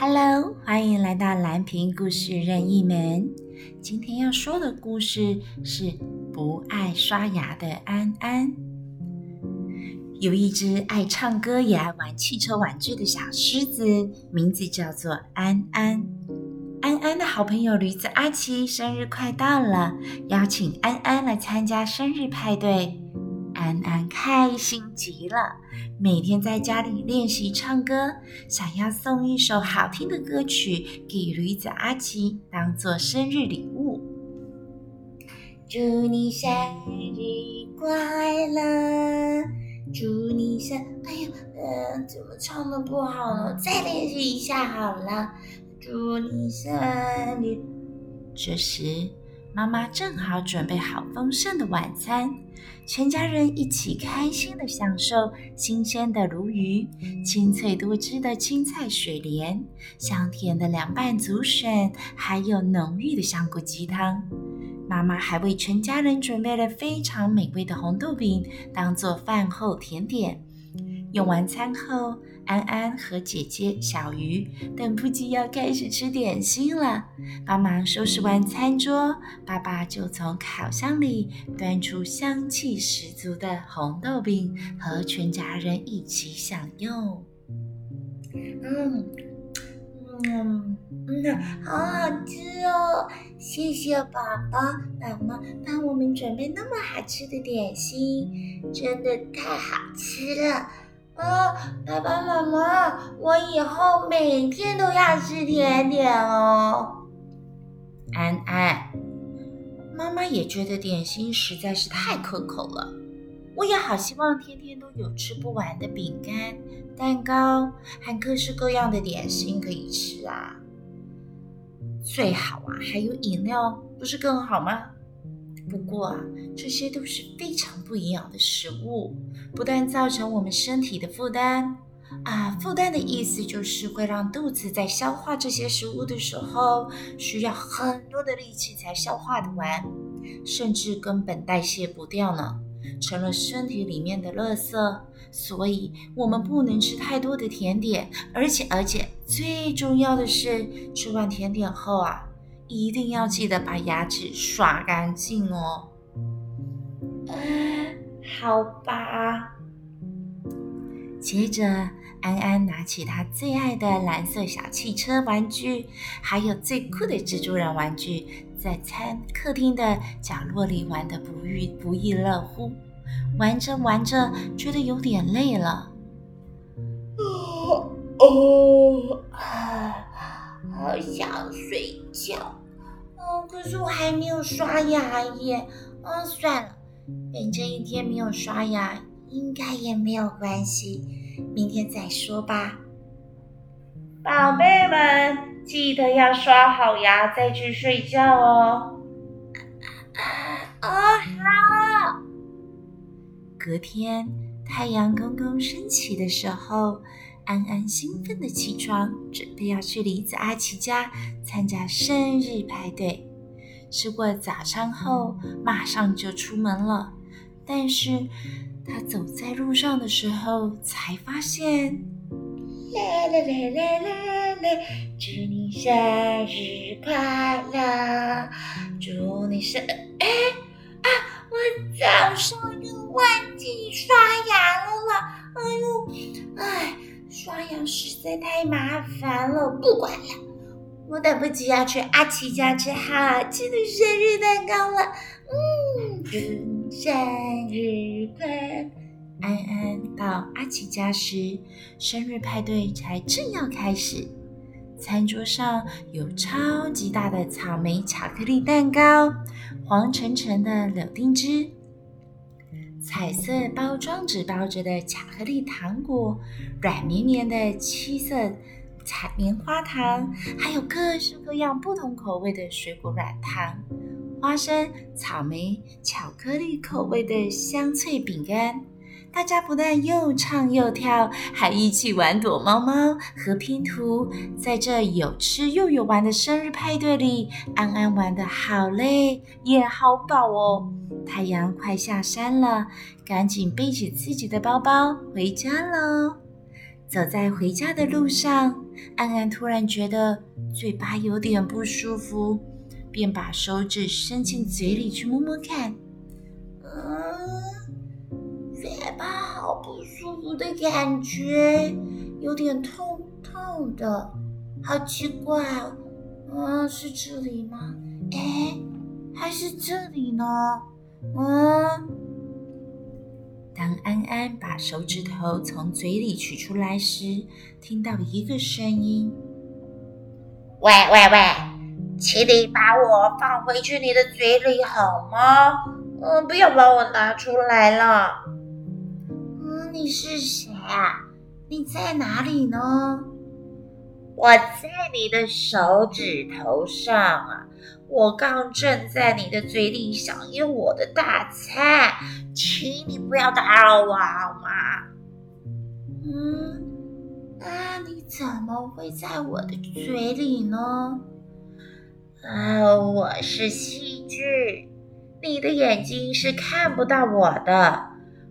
Hello，歡迎來到藍瓶故事任意門。今天要說的故事是不愛刷牙的安安。有一隻愛唱歌也愛玩汽車玩具的小獅子，名字叫做安安。安安的好朋友驢子阿奇生日快到了，邀請安安來參加生日派對。安安開心極了，每天在家裡練習唱歌，想要送一首好聽的歌曲給驢子阿奇當做生日禮物。祝你生日快樂！祝你生……哎呀，嗯、呃，怎麼唱的不好呢？再練習一下好了。祝你生日！這時，媽媽正好準備好豐盛的晚餐。全家人一起開心的享受新鮮的鱸魚、清脆多汁的青菜水蓮、香甜的涼拌竹筍、還有濃郁的香菇雞湯。媽媽還為全家人準備了非常美味的紅豆餅，當做飯後甜點。用完餐後。安安和姐姐小魚等不及要開始吃點心了。幫忙收拾完餐桌，爸爸就從烤箱裡端出香氣十足的紅豆餅，和全家人一起享用。嗯，嗯嗯好好吃哦！謝謝爸爸、媽媽幫我們準備那麼好吃的點心，真的太好吃了。啊、哦，爸爸媽媽，我以後每天都要吃甜點哦。安安，媽媽也覺得點心實在是太可口、口了，我也好希望天天都有吃不完的餅乾、蛋糕，還各式各樣的點心可以吃啊。最好啊，還有飲料，不是更好嗎？不過啊，這些都是非常不營養的食物，不但造成我們身體的負擔，啊，負擔的意思就是會讓肚子在消化這些食物的時候需要很多的力氣才消化得完，甚至根本代謝不掉呢，成了身體裡面的垃圾。所以我們不能吃太多的甜點，而且而且最重要的是，吃完甜點後啊。一定要記得把牙齒刷乾淨哦、嗯。好吧。接着，安安拿起他最愛的藍色小汽車玩具，還有最酷的蜘蛛人玩具，在餐客廳的角落裡玩的不亦不亦樂乎。玩着玩着，覺得有點累了。哦、嗯、哦，好想睡覺。可是我還沒有刷牙耶，嗯、哦，算了，反正一天沒有刷牙應該也沒有關係，明天再說吧。寶貝們，記得要刷好牙再去睡覺哦。哦、啊，好、啊啊啊。隔天，太陽公公升起的時候。安安興奮地起床，準備要去李子阿奇家參加生日派對。吃過早餐後，馬上就出門了。但是，他走在路上的時候才發現。來來來來來，祝你生日快樂！祝你生哎啊！我早上又忘記刷牙了啦！哎呦，哎。刷牙實在太麻煩了，不管了，我等不及要去阿琪家吃好吃的生日蛋糕了。嗯，祝生日快。安安到阿琪家時，生日派對才正要開始，餐桌上有超級大的草莓巧克力蛋糕，黃橙橙的柳丁汁。彩色包裝紙包着的巧克力糖果，軟綿綿的七色彩棉花糖，還有各式各樣不同口味的水果軟糖，花生、草莓、巧克力口味的香脆餅乾。大家不但又唱又跳，還一起玩躲貓貓和拼圖。在這有吃又有玩的生日派對裡，安安玩得好累，也、yeah, 好飽哦。太陽快下山了，趕緊背起自己的包包回家嘍。走在回家的路上，安安突然覺得嘴巴有點不舒服，便把手指伸進嘴裡去摸摸看。嗯不舒服的感覺，有點痛痛的，好奇怪，哦。嗯、啊，是這裡嗎？哎，欸，還是這裡呢？嗯、啊。當安安把手指頭從嘴裡取出來時，聽到一個聲音：“喂喂喂，請你把我放回去你的嘴裡好嗎？嗯，不要把我拿出來了。”你是誰啊？你在哪裡呢？我在你的手指頭上啊！我剛正在你的嘴裡享用我的大餐，請你不要打擾我好嗎？嗯，那你怎麼會在我的嘴裡呢？啊，我是細菌，你的眼睛是看不到我的。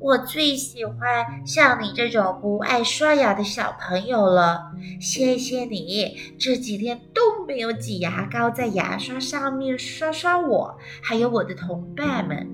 我最喜歡像你這種不愛刷牙的小朋友了，謝謝你這幾天都沒有擠牙膏在牙刷上面刷刷我，還有我的同伴們，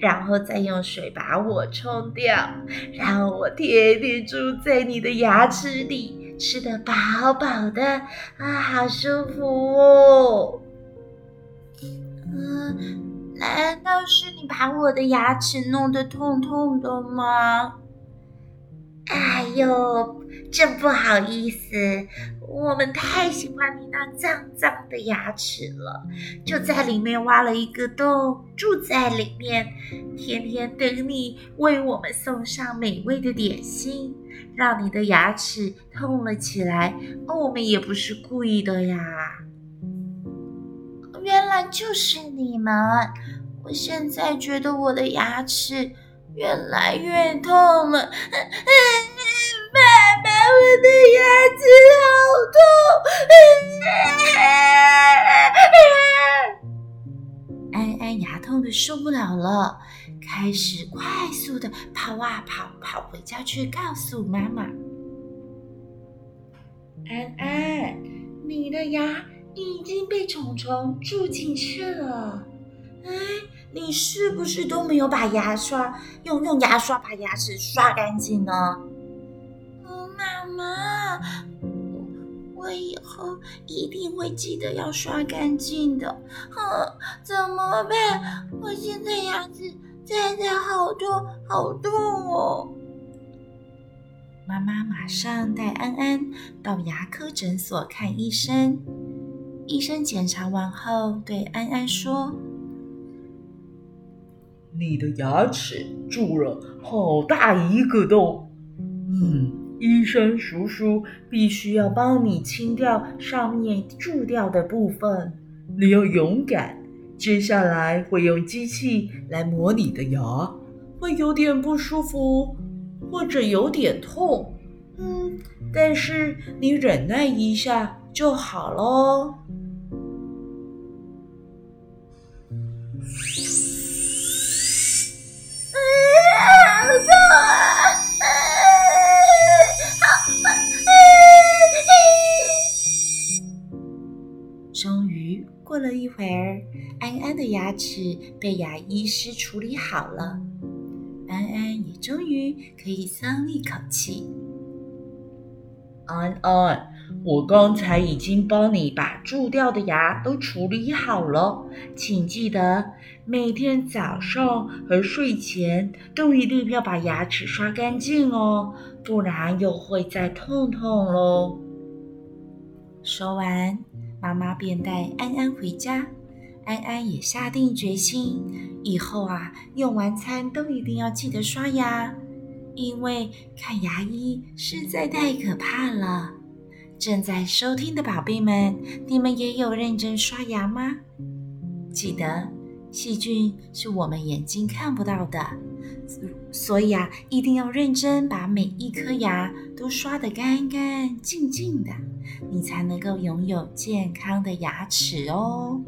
然後再用水把我沖掉，讓我天天住在你的牙齒裡，吃得飽飽的，啊，好舒服哦，嗯難道是你把我的牙齒弄得痛痛的嗎？哎呦，真不好意思，我們太喜歡你那髒髒的牙齒了，就在裡面挖了一個洞，住在裡面，天天等你為我們送上美味的點心，讓你的牙齒痛了起來。我們也不是故意的呀。就是你們！我現在覺得我的牙齒越來越痛了， 爸爸，我的牙齒好痛！ 安安牙痛的受不了了，開始快速的跑啊跑，跑回家去告訴媽媽：“安安，你的牙……”你已經被蟲蟲住進去了，哎，你是不是都沒有把牙刷用用牙刷把牙齒刷乾淨呢？嗯，媽媽，我，我以後一定會記得要刷乾淨的。哼、嗯，怎麼辦？我現在牙齒真的好多好痛哦！媽媽馬上帶安安到牙科診所看醫生。醫生檢查完後對安安說：“你的牙齒蛀了好大一個洞，嗯，醫生叔叔必須要幫你清掉上面蛀掉的部分。你要勇敢，接下來會用機器來磨你的牙，會有點不舒服，或者有點痛，嗯，但是你忍耐一下。”就好嘍。好痛啊！終於過了一會兒，安安的牙齒被牙醫師處理好了，安安也終於可以鬆一口氣。on on。我剛才已經幫你把蛀掉的牙都處理好了，請記得每天早上和睡前都一定要把牙齒刷乾淨哦，不然又會再痛痛嘍。說完，媽媽便帶安安回家。安安也下定決心，以後啊，用完餐都一定要記得刷牙，因為看牙醫實在太可怕了。正在收聽的寶貝們，你們也有認真刷牙嗎？記得，細菌是我們眼睛看不到的，所以啊，一定要認真把每一顆牙都刷得乾乾淨淨的，你才能夠擁有健康的牙齒哦。